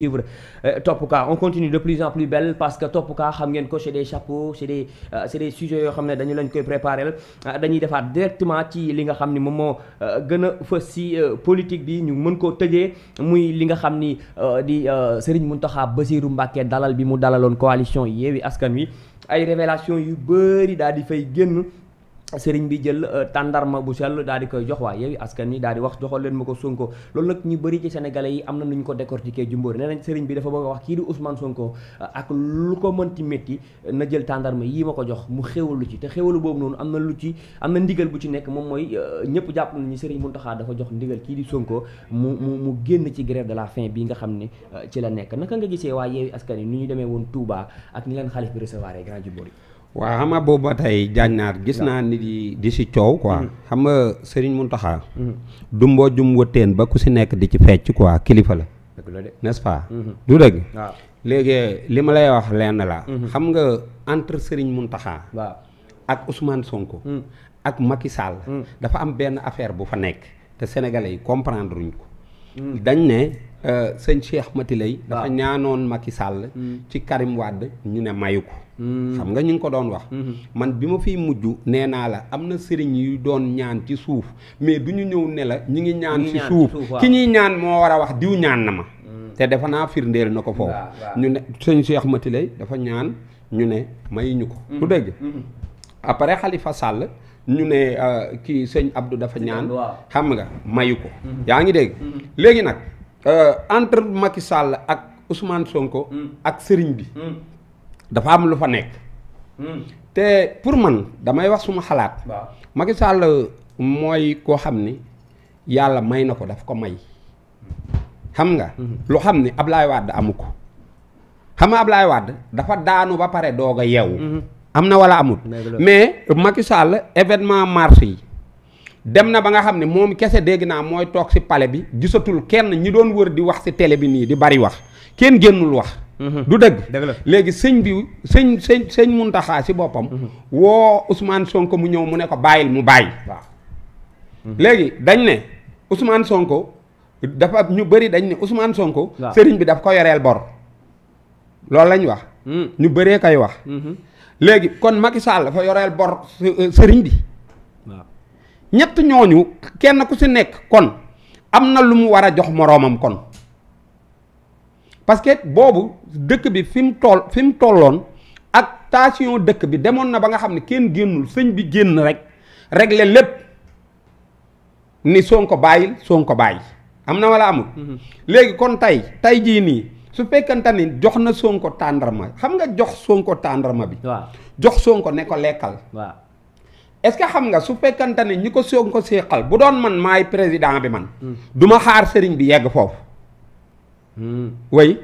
suivre euh, Topouka on continue de plus en plus belle parce que Topouka xam ngeen ko c'est des chapeaux c'est des euh, c'est yoo xam ne dañu lañ koy préparer euh, dañuy defaat directement ci li nga xam ni moom moo gën a fës si politique bi ñu mën koo tëjee muy li nga xam ni di Serigne Mountakha Bassirou Mbacké dalal bi mu dalaloon coalition Yewwi Askan Wi ay révélation yu bari daal di fay génn sëriñ bi jël euh, tàndarma bu sell daal di koy jox waa yow askan wi daal di wax joxoon leen ma ko Sonko loolu nag ñu bëri ci sénégalais yi am na nu ñu ko décortiquer jumbóori nee nañ sëriñ bi dafa bëgg a wax kii di Ousmane Sonko euh, ak lu ko mënti métti euh, na jël tàndarma yii ma ko jox mu xéwalu ci te xéwalu boobu noonu am na lu ci am na ndigal bu ci nekk moom mooy ñëpp jàpp nañu sëriñ Mountakha dafa jox ndigal kii di Sonko mu mu mu génn ci grève de la fin bi nga xam ne ci la nekk naka nga gisee waa askan wi ni ñu demee woon Touba ak ni leen xalif bi recevoir grand jumbóori waaw xam nga boobu ba tey jaañnaar gis naa nit yi di si coow quoi mm. xam nga Serigne Mountakha mm. du mboojum wëtteen ba ku si nekk di ci fecc quoi kilifa la n'est-ce mm-hmm. du dëgg léegi li ma lay wax lenn la mm-hmm. xam nga entre Serigne mun waaw ak Ousmane Sonko mm. ak Macky Sall dafa am benn affaire bu fa nekk te sénégalais yi comprendre uñ ko dañ ne Euh, sëñ Cheikh Mati lay dafa ñaanoon Macky Sall. Hmm. ci Karim wàdd ñu ne mayu ko. Hmm. xam nga ñu ngi ko doon wax. Hmm. man bi ma fiy mujj nee naa la am na sëriñ yu doon ñaan ci suuf mais du ñu ñëw ne la ñu ngi ñaan. ci suuf ki ñuy ñaan moo war a wax diw ñaan na ma. te dafa naa firndeel na ko foofu. ñu ne sëñ Cheikh Mati lay dafa ñaan ñu ne mayuñu ko. du dégg après Khalifa Sall. ñu ne euh, kii sëñ abdu dafa ñaan. xam nga mayu ko. yaa ngi dégg léegi nag. Euh, entre Macky Sall ak Ousmane Sonko. Hmm. ak sëriñ bi. Hmm. dafa am lu fa nekk. Hmm. te pour man damay wax suma xalaat. waaw Macky Sall mooy koo xam ni yàlla may na ko daf ko may. xam nga. lu xam ni lay wàdd amu ko. xam nga Ablaye Wade dafa daanu ba pare doog a yeewu. am na wala amul. mais Macky Sall événement mars yi. dem na ba nga xam ne moom kese dégg naa mooy toog si pale bi gisatul kenn ñi doon wër di wax si télé bi nii di bari wax kenn génnul wax. Mhm. du dëgg. léegi sëñ bi sëñ sëñ sëñ Muntaxa si boppam. Mhm. woo Ousmane Sonko mu ñëw mu ne ko bàyyil mu bàyyi. waaw mhm. léegi dañ ne Ousmane Sonko dafa ñu bëri dañ ne Ousmane Sonko. sëriñ bi daf ko yoreel bor. loolu lañ wax. ñu bëree koy wax. léegi kon Macky Sall dafa yoreel bor euh, sëriñ bi. ñett ñooñu kenn ku ci nekk kon am na lu mu war a jox moroomam kon parce que boobu dëkk bi fi mu toll fi mu tolloon ak tension dëkk bi demoon na ba nga xam ni kenn génnul sëñ bi génn rek régler lépp ni Sonko bàyyil Sonko bàyyi am na walla amul. Mhm. léegi kon tey tey jii nii su fekkante ni jox na Sonko tàndarma xam nga jox Sonko tàndarma bi. waaw jox Sonko ne ko lekkal. est-ce que xam nga su fekkante ne ñi ko soog ko seeqal bu doon man maay président bi man. du ma xaar sëriñ bi yegg foofu. way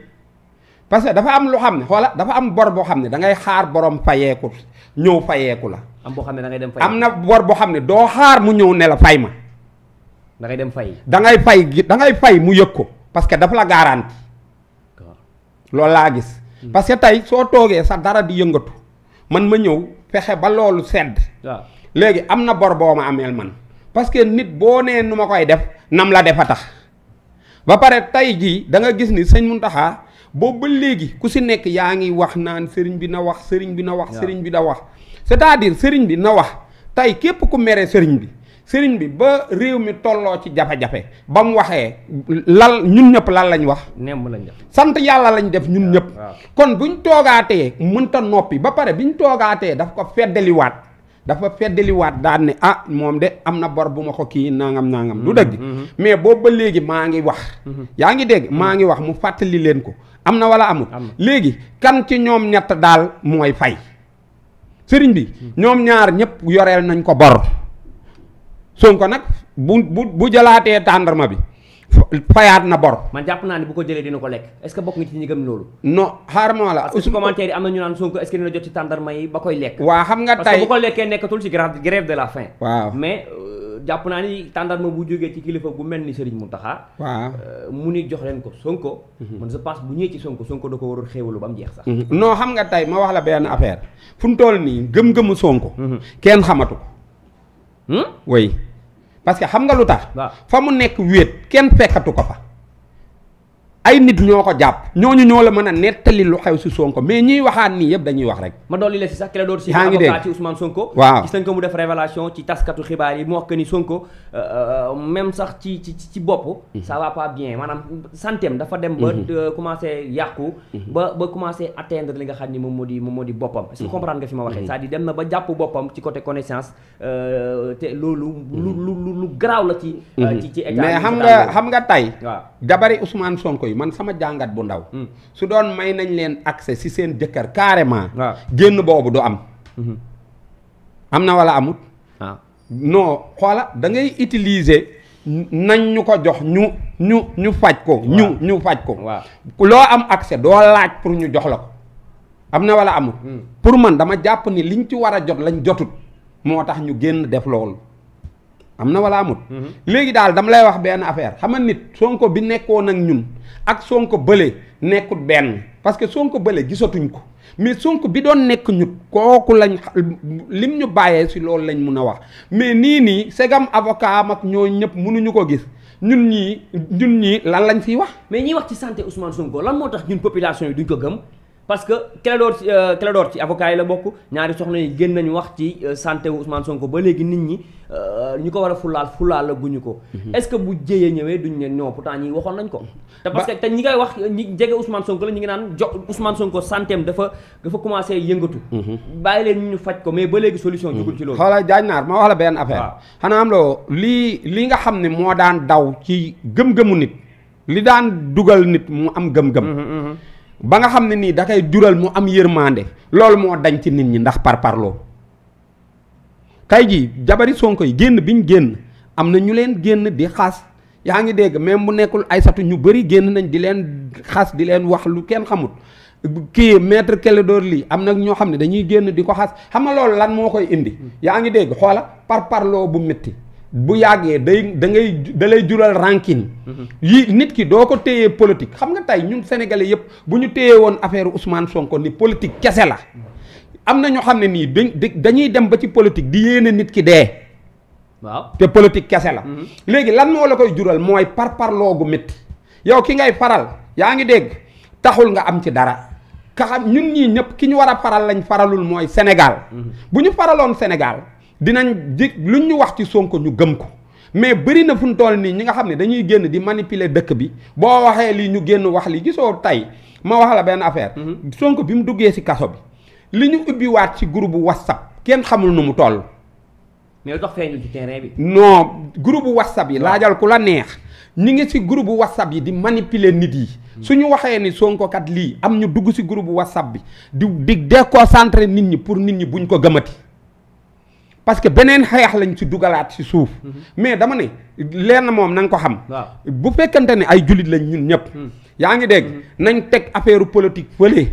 parce que dafa am lu xam ne xoola dafa am bor boo xam ne da ngay xaar borom fayeeku ñëw fayeeku la. boo xam ne da dem fay am na bor boo xam ne doo xaar mu ñëw ne la fay ma. da dem fay. da ngay fay da ngay fay mu yëg ko parce que dafa la garanti. loolu laa gis. Hmm. parce que tey soo toogee sa dara di yëngatu man ma ñëw fexe ba loolu sedd. léegi am na bor boo ma ameel man parce que nit boo nee nu ma koy def nam la def a tax ba pare tey jii danga gis ni sëñ Muntaxa boobu ba léegi ku si nekk yaa ngi wax naan sëriñ bi na wax sëriñ bi na wax sëriñ bi na wax c'est-à-dire sëriñ bi na wax tey képp ku mere sëriñ bi sëriñ bi ba réew mi tolloo ci jafe-jafe ba mu waxee lal ñun ñëpp lan lañ wax. nemb lañ def sant yàlla lañ def ñun ñëpp. kon buñ toogaatee mënta noppi ba pare bi ñu toogaatee daf ko feddaliwaat. dafa feddaliwaat daan ne ah moom de am na bor bu ma ko kii nangam nangam. du mm-hmm. dëgg mm-hmm. mais boobu ba léegi maa ngi wax. Mm-hmm. yaa ngi dégg maa ngi wax mu fàttali leen ko am na wala amul. léegi kan ci ñoom ñett daal mooy fay. sëriñ bi ñoom ñaar ñëpp yoreel nañ ko bor Sonko nag bu bu bu jëlaatee tàndarma bi. fayaat na bor. man jàpp naa ne bu ko jëlee dina ko lekk est-ce que bokk nga ci ñi gëm loolu. non xaaral ma la. parce commentaire yi am na ñu naan Sonko est-ce que dina jot ci tàndarma yi ba koy lekk. waa xam nga tey parce que bu ko lekkee nekkatul ci grève de la faim. waaw mais euh, jàpp naa ni tàndarma bu jógee ci kilifa bu mel ni Serigne Mountakha. waa euh, mu ni jox leen ko Sonko. Mhm. man sa pense bu ñuy ci Sonko Sonko da ko waroon xéewalu ba mu jeex sax. Mhm. noo xam nga tey ma wax la benn affaire fu mu toll nii gëm-gëmu Sonko. Mhm. kenn xamatu ko. Hmm? parce que xam nga lu tax fa mu nekk wéet kenn fekkatu ko fa ay nit ñoo ko jàpp ñooñu ñoo la mën a nettali lu xew si Sonko mais ñuy waxaan nii yëpp dañuy wax rek ma dolli la si sax ki la doon si avocat ci Ousmane Sonko waaw gis nañ ko mu def révélation euh, euh, même sax ci ci ci bopp mm-hmm. ça va pas bien maanaam santeem dafa dem ba mm-hmm. euh, commencé yàqu mm-hmm. ba ba commencé atteindre li nga xam ni moom moo di moom moo di boppam est-ce que nga fi ma waxee c'est-à-dire dem na ba jàpp boppam ci côté connaissance te loolu lu lu lu garaaw la ci ci ci xam nga xam nga tey waaw jabari Ousmane Sonko man sama jàngat bu ndaw hmm. su doon may nañ leen accès si seen jëkkër carrément ah. génn boobu du am hmm. am na wala amut ah. noo xoola dangay ngay utiliser nañ ñu ko jox ñu ñu ñu faj ko ñu ñu faj ko loo am accès doo laaj pour ñu jox la ko am na wala amut hmm. pour man dama jàpp ni li liñ ci war a jot lañ jotut moo tax ñu génn def loolu am na wala amut. Mhm. léegi daal dama lay wax benn affaire xam nit Sonko bi nekkoon ak ñun ak Sonko bële nekkut benn parce que Sonko bële gisatuñ ko mais sonk bi doon nekk ñut kooku lañ lim ñu bàyyee si loolu lañ mun a wax mais nii nii segam avocat mag ñoo ñëpp mënuñu ko gis ñun ñii ñun ñii lan lañ fiy wax. mais ñiy wax ci santé Ousmane Sonko lan moo tax ñun population yi duñ ko gëm. parce que Clédor euh, Clédor ci avocat yi la bokk ñaari soxna yi génn nañu wax ci euh, santé wu Ousmane Sonko ba léegi nit ñi euh, ñu ko war a fulaal fulaal la guñu ko. Mhm. est-ce que bu jëyee ñëwee duñ ne non pourtant ñi waxoon nañ ko. Mhm. te parce que te ñi koy wax ñi jege Ousmane Sonko la ñu ngi naan jo Ousmane Sonko santé dafa dafa commencé yëngatu. Mhm. bàyyi leen ñu faj ko mais ba léegi solution. jugul ci loolu xoolal jaaj naar ma wax la benn affaire. xanaa am loo lii li nga xam ne moo daan daw ci gëm-gëmu nit. li daan dugal nit mu am gëm-gëm. ba nga xam ne nii da koy jural mu am yërmande loolu moo dañ ci nit ñi ndax par parloo tey jii jabari Sonko yi génn bi ñu génn am na ñu leen génn di xas yaa ngi dégg même bu nekkul ay satu ñu bëri génn nañ di leen xas di leen wax lu kenn xamut kii maître Clédor lii am na ñoo xam ne dañuy génn di ko xas xam nga loolu lan moo koy indi yaa ngi dégg xoola par parloo bu métti bu yàggee day da ngay da jural rancune mm-hmm. yi nit ki doo ko téyee politique xam nga tey ñun sénégalais yëpp bu ñu téyee woon affaire Ousmane Sonko ni politique kese la mm-hmm. am na ñoo xam ne nii dañuy dem ba ci politique di yéene nit ki dee waaw te politique kese la mm-hmm. léegi lan moo la koy jural mooy par parloo gu métti yow ki ngay faral yaa ngi dégg taxul nga am ci dara ka xam ñun ñii ñëpp ki ñu war a faral lañ faralul mooy Sénégal bu ñu faraloon Sénégal dinañ di lu ñu wax ci sonk ñu gëm ko mais bëri na fu mu nii ñi nga xam ne dañuy génn di manipuler dëkk bi boo waxee lii ñu génn wax li gisoo tey ma wax la benn affaire. Mhm. sonk bi mu duggee ci kaso bi. li ñu ubbiwaat ci groupe WhatsApp kenn xamul nu mu toll. mais dox feeñu ci terrain bi. non groupe WhatsApp yi laajal ku la neex. ñi ngi ci groupe WhatsApp yi di manipuler nit yi. Mhm. su ñu waxee ni Sonko lii am ñu dugg ci groupe WhatsApp bi di di déconcentrer nit ñi pour nit ñi buñ ko gëmati. parce que beneen xeex lañ ci dugalaat si suuf. Mhm. mais dama ne leen na moom na ko xam. bu fekkante ni ay jullit lañ ñun ñëpp. Mhm. yaa ngi dégg mhm. nañ teg affaire politique fële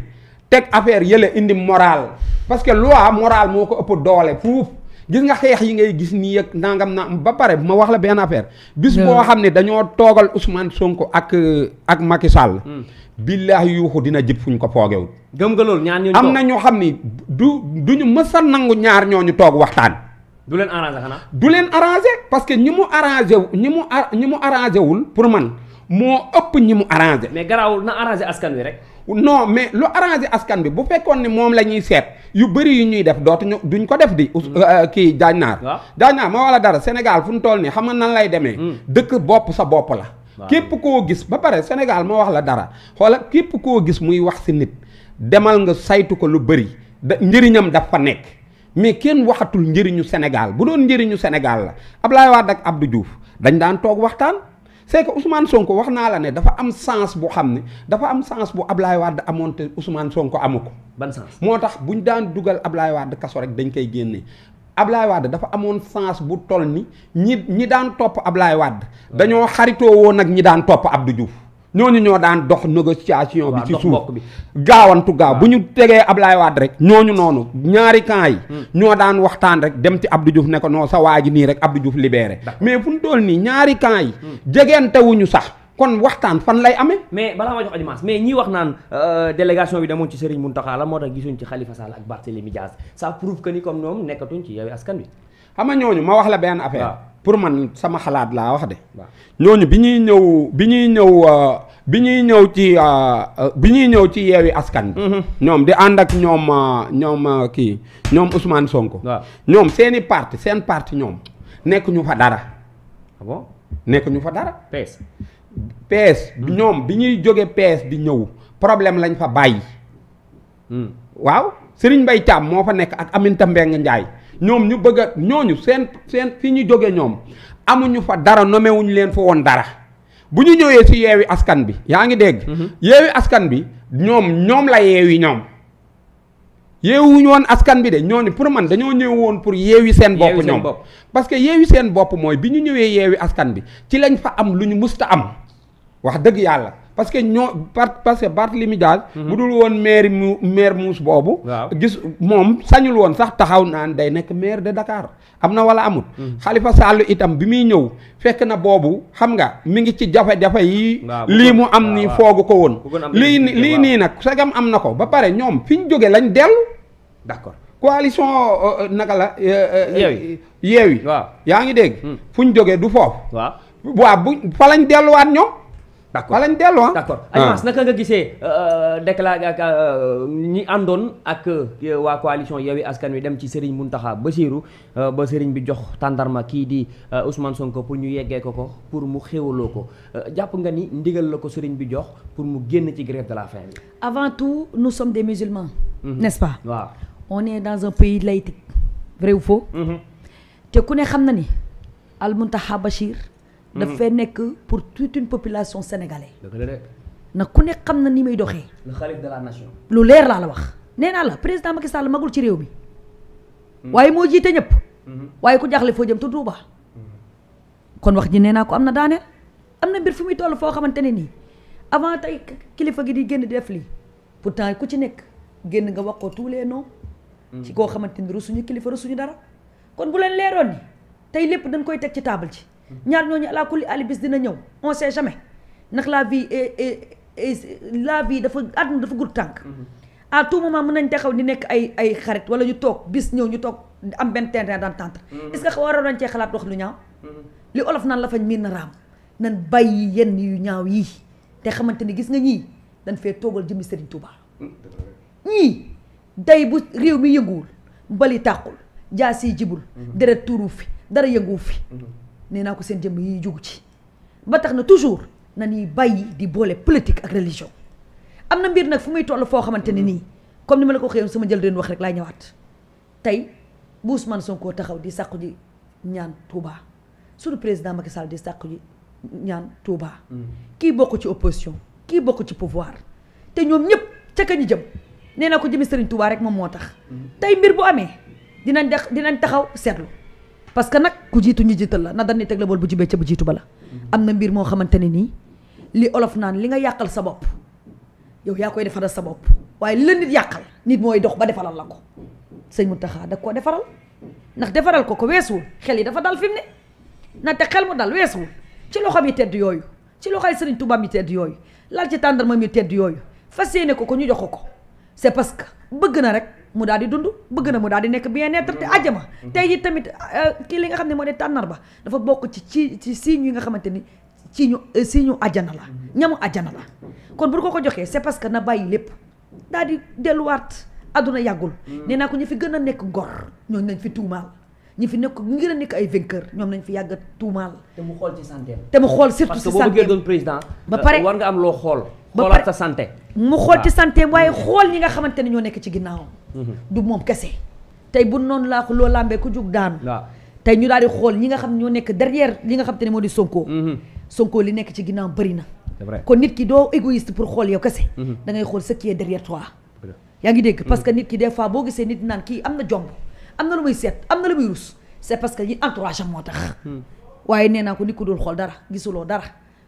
teg affaire yële indi moral parce que loi moral moo ko ëpp doole fuuf. gis nga xeex yi ngay gis nii ak nangam na ba pare bu ma wax la benn affaire. bis boo xam ne dañoo toogal Ousmane Sonko ak ak Macky Sall. Hmm. billaahi yuuxu dina jib fuñ ko foogewul. gëm nga loolu ñaar ñooñu am na ñoo xam ni du duñu mës a nangu ñaar ñoo ñu toog waxtaan. du leen arrangé xanaa. du leen parce que ñi mu arrangé ñi mu ñi mu arrangé wul pour man moo ëpp ñi mu arrangé. mais garaawul na arrangé askan wi rek. non mais lu arrangé askan bi bu fekkoon ne moom la ñuy seet yu bëri yu ñuy def dootuñu duñ ko def di mm. euh, kii jaañ naar jaañ naar ma wala dara Sénégal fu ñu toll nii xam nga nan lay demee mm. dëkk bopp sa bopp la képp koo gis ba pare Sénégal ma wax la dara xoola képp koo gis muy wax si nit demal nga saytu ko lu bëri da njëriñam dafa nekk mais kenn waxatul njëriñu Sénégal bu doon njëriñu Sénégal la ab Ablaye Wade ak Abdou juuf dañ daan toog waxtaan c'est que Ousmane Sonko wax naa la ne dafa am sens bu xam ne dafa am sens bu Ablaye wadd amoon te Ousmane Sonko amu ko. ban sens moo tax bu ñu daan dugal Ablaye Wade kaso rek dañ koy génne. Ablaye Wade dafa amoon sens bu toll ni ñi ñi daan topp Ablaye wadd dañoo xaritoo woon ak ñi daan topp ab du Diouf. ñooñu ñoo daan dox négociation bi ci suuf gaawantu gaaw bu ñu tegee Ablaye Wade rek ñooñu noonu ñaari camp yi hmm. ñoo daan waxtaan rek dem ci Abdou Diouf ne ko non sa waa ji nii rek Abdou Diouf libéré mais fu ñu toll nii ñaari camp yi hmm. jegeentewuñu sax kon waxtaan fan lay amee mais balaa ma jox adimance mais ñi wax naan euh, délégation bi demoon ci Serigne Mountakha la moo tax gisuñ ci Khalifa Sall ak Barthélémy Diaz ça prouve que ni comme ñoom nekkatuñ ci yow askan wi xam nga ñooñu ma wax la benn affaire. pour man sama xalaat laa wax de. ñooñu bi ñuy ñëw bi ñuy ñëw euh, bi ñuy ñëw ci euh, euh, bi ñuy ñëw ci yeewi askan bi. Mhm. ñoom di ànd ak ñoom ñoom kii ñoom Ousmane Sonko. ñoom seen i parti seen parti ñoom nekk ñu fa dara. Ah bon nekk ñu fa dara. PS. PS mhm. ñoom bi ñuy jóge pees di ñëw problème lañ fa bàyyi. Hmm. waaw Serigne Mbaye Thiam moo fa nekk ak Aminata Mbengue Ndiaye. ñoom ñu bëgg ñooñu seen seen fi ñu jógee ñoom amuñu fa dara nomewuñu leen fa woon dara bu ñu ñëwee ci yeewi askan bi yaa ngi dégg mhm. yeewi askan bi ñoom ñoom la yeewi ñoom yeewuñu woon askan bi de ñooñu pour man dañoo ñëw woon pour yeewi seen bopp ñoom parce que yeewi seen bopp mooy bi ñu ñëwee yeewi askan bi ci lañ fa am lu ñu musta am wax dëgg yàlla parce que ñoo parce que Barthélemy Dias mhm. bu dul woon maire mu maire muus boobu gis moom sañul woon sax taxaw naan day nekk maire de Dakar am na wala amut xalifa mhm. Sall itam bi muy ñëw fekk na boobu xam nga mi ngi ci jafe-jafe yi lii mu am ni foogu ko woon lii lii nii nag sagam am na ko ba pare ñoom fi ñu jóge lañu dellu d'accord coalition euh, euh, naka la euh, yeewi waaw yaa ngi dégg hmm. fu ñu jógee du foofu waaw bu fa lañ delluwaat ñoom d'accord wala ñu delloo ah. ah. naka nga gisee euh, euh, déclaré ak euh, ñi àndoon ak waa coalition Yewwi Askan Wi dem ci Serigne Mountakha Bassirou ba Serigne bi jox tàndarma kii di Ousmane Sonko pour ñu yeggee ko ko pour mu xéwaloo ko jàpp nga ni ndigal la ko Serigne bi jox pour mu génn ci grève de la faim. avant tout nous sommes des musulmans. Mhm. n'est-ce pas. waaw dans un pays laïque. vrai ou faux. Mhm. te ku ne xam na ni. al Mountakha Bachir. dafay nekk pour toute une population sénégalaise. na ku nekk xam na ni muy doxee. le lu leer laa la wax. nee naa la président Macky Sall magul ci réew mi. Hmm. waaye moo jiite ñëpp. Hmm. waaye ku jaaxle foo jëm te Touba. Hmm. kon wax ji nee naa ko am na daaneel. am na mbir fi muy toll foo xamante ne nii avant tey kilifa gi di génn def lii pour pourtant ku ci nekk génn nga wax ko tous les ci koo xamante ni rusuñu kilifa rusuñu dara. kon bu leen leeroon ni tey lépp dañ koy teg ci table ji. ñaar ñooñu ala kulli ali bis dina ñëw on sait jamais ndax la vie la vie dafa àdduna dafa gudd tànk. Mm-hmm. à tout moment mën nañ taxaw di nekk ay ay xarit wala ñu toog bis ñëw ñu toog am benn terrain d'entente. Mm-hmm. est-ce que waroon nañ cee xalaat wax lu ñaaw. Mm-hmm. li olof naan la fañ miin na raam nan bàyyi yenn yu ñaaw yii te xamante ni gis nga ñii dañ fee toogal jëmmi Serigne Touba. ñii day bu réew mi yënguwul mbali tàqul jaas yi jibul. deret tuuru fi dara yënguwu fi. nee naa ko seen jëmm yi jugu ci ba tax na toujours na ñuy bàyyi di boole politique ak religion am na mbir nag fu muy toll foo xamante ne nii comme ni ma la ko xëyoon sama jël doon wax rek laa ñawaat tey bu soo Sonko taxaw di sàqu di ñaan Touba suñu président Macky Sall di sàqu ji ñaan Touba. Mm. kii bokk ci opposition kii bokk ci pouvoir te ñoom ñëpp ca ka ñu jëm nee naa ko jëmi Serigne Touba rek moom moo tax. Mm. tey mbir bu amee dinañ dinañ taxaw seetlu. parce que nag ku jiitu ñu jiital la na dañuy teg la bool bu jubee ca bu jiitu ba la mm-hmm. am na mbir moo xamante ne nii li olof naan li nga yàqal sa bopp yow yaa koy defaral sa bopp waaye li la nit yàqal nit mooy dox ba defaral la ko mu Mountakha dag koo defaral ndax defaral ko ko weesuwul xel yi dafa dal fi mu ne na te xel mu dal weesuwul ci loxoom yi tedd yooyu ci loxoy sëriñ Touba mi tedd yooyu lal ci tàndarma mi tedd yooyu fas yéene ko ko ñu jox ko ko parce que bëgg na rek. mu daal di dund bëgg na mu daal di nekk bien-être te àjjama mm-hmm. tey ji tamit euh, kii li nga xam ne moo ne tànnar ba dafa bokk ci ci ci signe yi nga xamante ni ci ñu si ñu àjjana la mm-hmm. ñamu àjjana la kon bu ko ko joxee c'est parce que na bàyyi lépp daal di delluwaat àdduna yàggul mm. nee naa ko ñu fi gën a nekk gor ñooñu nañ fi tuumaal ñi fi nekk ñu ngi a nekk ay vainqueur ñoom nañ fi yàgg a tuumaal te mu xool ci santé te mu xool surtout ci santé que boo bëggee pare euh, war nga am loo xool xoolaat sa santé mu xool ci santé waaye xool ñi nga xamante ne ñoo nekk ci ginnaawam. Mhm. du moom kese. tey bu noonu laa ko loo lambee ku jug daanu. tey ñu daal di xool ñi nga xam ñoo nekk derrière li nga xam te ne moo di Sonko. Mhm. Sonko li nekk ci ginnaaw bëri na. c'est kon nit ki doo égoïste pour xool yow kese. Mhm. da ngay xool ce qui est derrière toi. yaa ngi dégg parce que nit ki des fois boo gisee nit naan kii am na jomb am na lu muy seet am na la muy rus c'est parce que yi entourage am moo tax. waaye nee naa ko nit ku dul xool dara gisuloo dara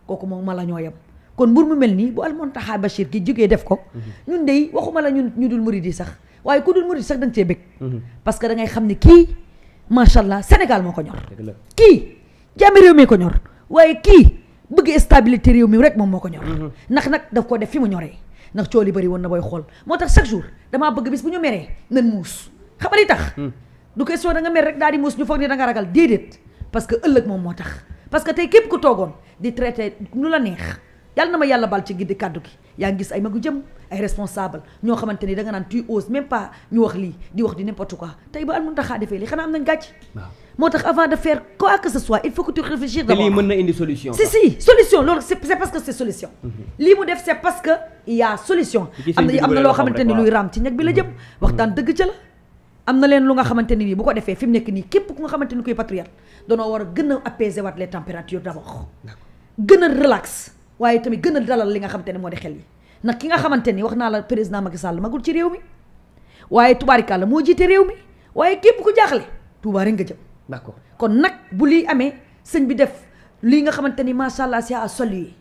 kooku moom ma la ñoo yem. kon mbir mu mel nii bu almontaxaa Bachir ki jógee def ko mhm. ñun dey waxuma la ñun ñu dul murid di sax waaye ku dul murid sax da nga cee bëgg mhm. parce que da ngay xam ne kii macha allah Sénégal moo ko ñor kii jàmmi réew mi ko ñor waaye kii bëgg stabilité réew mi rek moom moo ko ñor mhm. ndax nag daf ko def fi mu ñoree ndax cool yi bëri woon na booy xool moo tax chaque jour damaa bëgg bis bu ñu meree nan muus xamal li tax du question da nga mer rek daal di muus ñu da nga ragal déedéet parce que ëllëg moom moo tax parce que tey képp ku toogoon di traité nu la neex yàlla na ma yàlla baal ci giddi kàddu gi yaa ngi ay magu jëm ay responsable ñoo xamante ni nga naan tu oses même pas ñu wax lii di wax di n'importe quoi tey ba al mun taxaa defee lii xanaa am nañ gàcc moo tax avant de faire quoi que ce soit il faut que na si si solution loolu c'est parce solution mhm. lii mu def c'est parce solution am na loo xamante ni luy raam ci ñag bi la jëm mhm. waxtaan mhm. dëgg ca la am na leen lu nga xamante ni bu ko defee fi nekk nii képp ku nga ni a gën a apaiser waat les températures waaye tamit gën a dalal li nga xamante ne moo de xel yi nag ki nga xamante ni wax naa la président Macky Sall magul ci réew mi waaye tubaarikàlla moo jiite réew mi waaye képp ku jaaxle tubaari nga jëm. d'accord kon nag bu liy amee sëñ bi def lii nga xamante ni macha allah c'est à saluer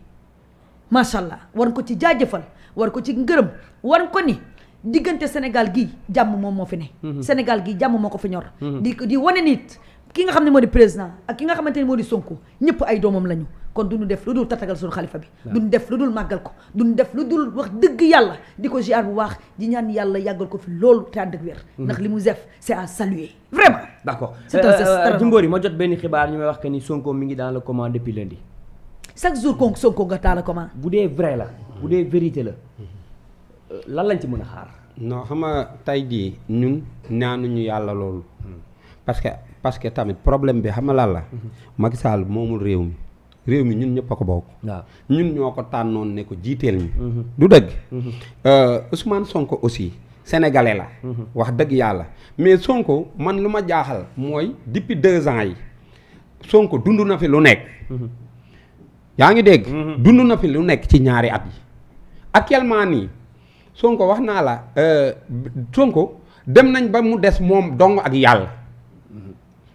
war ko ci jaajëfal war ko ci ngërëm war ko ni diggante Sénégal gii jàmm moom moo fi ne. Mhm. Sénégal gii jàmm moo ko fi ñor. Mhm. di di wane nit ki nga xam ne moo di président ak ki nga xamante ne moo di Sonko ñëpp ay doomam lañu kon duñu def lu dul tatagal suñu xalifa bi duñu def lu dul màggal ko duñu def lu dul wax dëgg yàlla di ko ziar bu waax di ñaan yàlla yàggal ko fi loolu te ànd ak mhm. ndax li mu def c'est à saluer vraiment d'accord euh, euh, Jimbori ma jot benn xibaar ñu may wax que ni Sonko mi ngi dans le coma depuis lundi chaque jour kon Sonko nga dans le coma bu dee vrai la bu dee vérité la euh, lan lañ ci mën a xaar non xam nga tey jii ñun ñaanuñu yàlla loolu hmm. parce que parce que tamit problème bi xam nga lan la. Mhm. Macky Sall moomul réew mi réew mi ñun ñëpp a ko bokk. waaw ñun ñoo ko tànnoon ne ko jiiteel ñi. Mhm. du dëgg. Mhm. Euh, Ousmane Sonko aussi sénégalais la. wax dëgg yàlla mais Sonko man lu ma jaaxal mooy depuis deux ans yi Sonko dund na fi lu nekk. yaa ngi dégg. dund na fi lu nekk ci ñaari at yi. actuellement nii Sonko wax naa la euh, Sonko dem nañ ba mu des moom dong ak yàlla.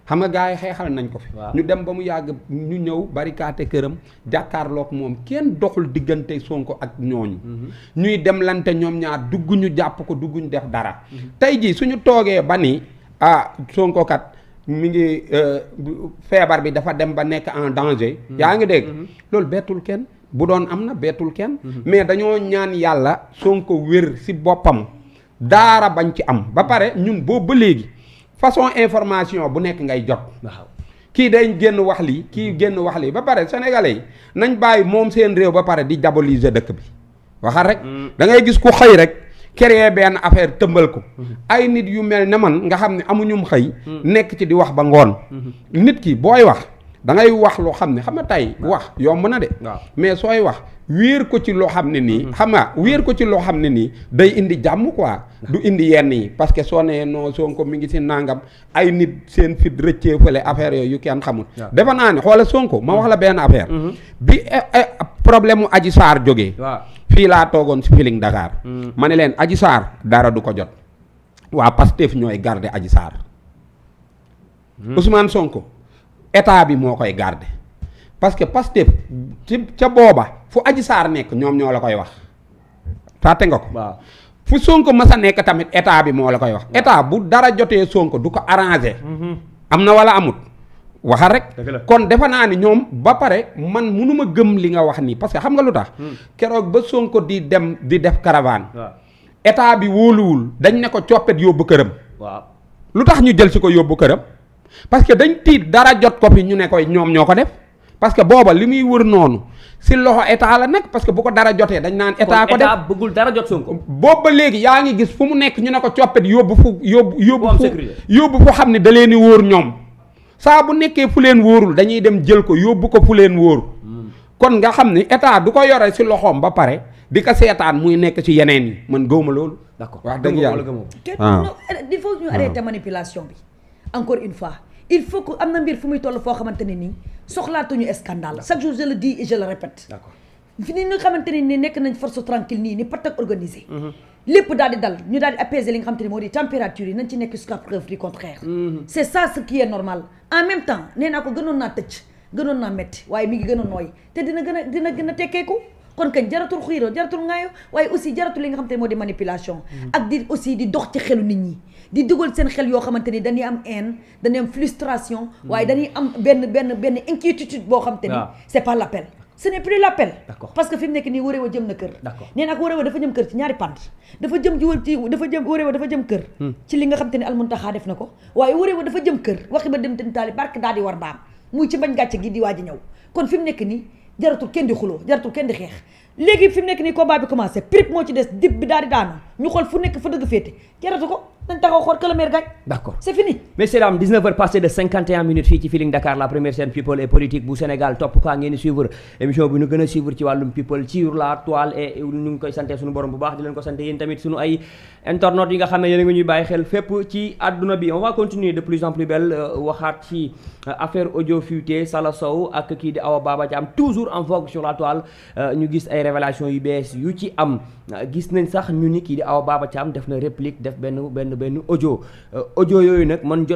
xam nga gars yi xeexal nañ ko fi ñu dem ba mu yàgg ñu ñëw barikaate këram jàkkaarloog moom kenn doxul diggante Sonko ak ñooñu mm-hmm. ñuy dem lante ñoom ñaar dugg ñu jàpp ko dugg ñu def dara mm-hmm. tey jii suñu toogee ba ni ah Sonko kat mi ngi euh, feebar bi dafa dem ba nekk en danger mm-hmm. yaa ngi dégg loolu bettul kenn bu doon am na bettul kenn mais dañoo ñaan yàlla Sonko wér si boppam daara bañ ci am ba pare ñun boobu ba léegi façon information bu nekk ngay jot. kii day génn wax lii kii mm-hmm. génn wax lii ba pare sénégalais nañ bàyyi moom seen réew ba pare di diaboliser dëkk bi waxal rek. Mm-hmm. da ngay gis ku xëy rek. créer benn affaire tëmbal ko mm-hmm. ay nit yu mel ne man nga xam ne amuñum xëy nekk ci di wax ba ngoon nit ki booy wax dangay wax loo xam ne xam nga tey wax yomb na de. mais sooy wax wéer ko ci loo xam ne nii. Mm-hmm. xam nga wéer ko ci loo xam ne nii day indi jàmm quoi. du indi yenn yi parce que soo nee non Sonko mi ngi si nangam ay nit seen fit rëccee fële affaire yooyu kenn xamul. defe naa ne xoola Sonko ma wax la mm-hmm. benn affaire. Mm-hmm. bi eh, eh, problème mu Adji Sarr jógee. fii laa toogoon si Feeling Dakar. Mm. ma ne leen aji saar dara du ko jot. waa Pastef ñooy garde aji saar mm. Ousmane Sonko. état bi moo koy garde parce que Pastef ci ca booba fu Adji Sarr nekk ñoom ñoo la koy wax fàtte nga ko. waaw fu sonk ma sa nekk tamit état bi moo la koy wax. état bu dara jotee Sonko du ko arrangé. Mm-hmm. am na wala amut. waxal rek kon defe naa ni ñoom ba pare man munuma gëm li nga wax nii parce que xam nga lu tax. Mm. keroog ba Sonko di dem di def caravane. état bi wóoluwul dañ ne ko coppet yóbbu këram. waaw lu tax ñu jël si ko yóbbu këram. parce que dañ tiit dara jot ko fi ñu ne koy ñoom ñoo ko def parce que booba li muy wër noonu si loxo état la nag parce que bu ko dara jotee dañ naan état ko def bëggul dara jot Sonko boobu ba léegi yaa ngi gis fu mu nekk ñu ne ko coppet yóbbu fu yóbbu yóbbu fu yóbbu fu xam ne da leen i wóor ñoom saa bu nekkee fu leen wóorul dañuy dem jël ko yóbbu ko fu leen wóor kon nga xam ni état du ko yore si loxoom ba pare di ko seetaan muy nekk ci yeneen yi man ma loolu d'accord wax dëgg yàlla te ah. il faut ñu ah. manipulation bi encore une fois il faut que am na mbir fu muy toll foo xamante ne nii soxlaatuñu scandale chaque jour je le dis et je le répète. ni nga xamante ne nii nekk nañ force tranquille nii ni partak organisé. Mhm. lépp daal di dal ñu daal di apaiser li nga xamante moo di température yi nañ ci nekk jusqu'à preuve du contraire. Mhm. c'est ça ce qui est normal en même temps nee ko gënoon naa tëj gënoon naa metti waaye mi ngi gën a nooy te dina gën a dina gën a tekkeeku. kon kañ jaratul xiiroo jaratul ŋaayoo waaye aussi jaratul li nga xamante ne moo di manipulation mm. ak di aussi di dox ci xelu nit ñi di dugal seen xel yoo xamante ni dañuy am haine dañuy am frustration mm. waaye dañuy am benn benn benn inquiétude boo xamante ni c'est pas l'appel ce n'est plus l'appel parce que fi mu nekk nii wareewa jëm na kër nee naa ko wareewa dafa jëm kër ci hmm. li nga xam jëm ci dafa jëm wareewa dafa def na ko waaye wareewa dafa jëm kër waxi ba dem ten taali barke gi di waaj a ñëw kon fi mu nekk nii jaratul kenn di xuloo jaratul kenn di xeex léegi fi mu nekk nii combat bi commencé prip moo ci des dib bi daal di daanu ñu xool fu nekk fa dëgg féete jaratu ko nañ taxaw xool que le maire gagne. d' accord c' est fini. messieurs dames 19h passé de 51 minutes fii ci Feeling Dakar la première chaîne people et politique bu Sénégal topp kaa ngeen di suivre émission bi ñu gën a suivre ci wàllum people ci sur la toile et ñu ngi koy sante suñu borom bu baax di leen ko sante yéen tamit suñu ay internautes yi nga xam ne yéen a ngi ñuy bàyyi xel fépp ci àdduna bi on va continuer de plus en plus belle euh, waxaat ci euh, affaire audio fuité Sala Sow ak kii di Awa Baba Thiam toujours en vogue sur la toile euh, ñu gis ay révélations yu bees yu ci am gis nañ sax ñu ni kii di Awa Baba Thiam def na réplique def benn benn benn audio euh, audio yooyu nag man jot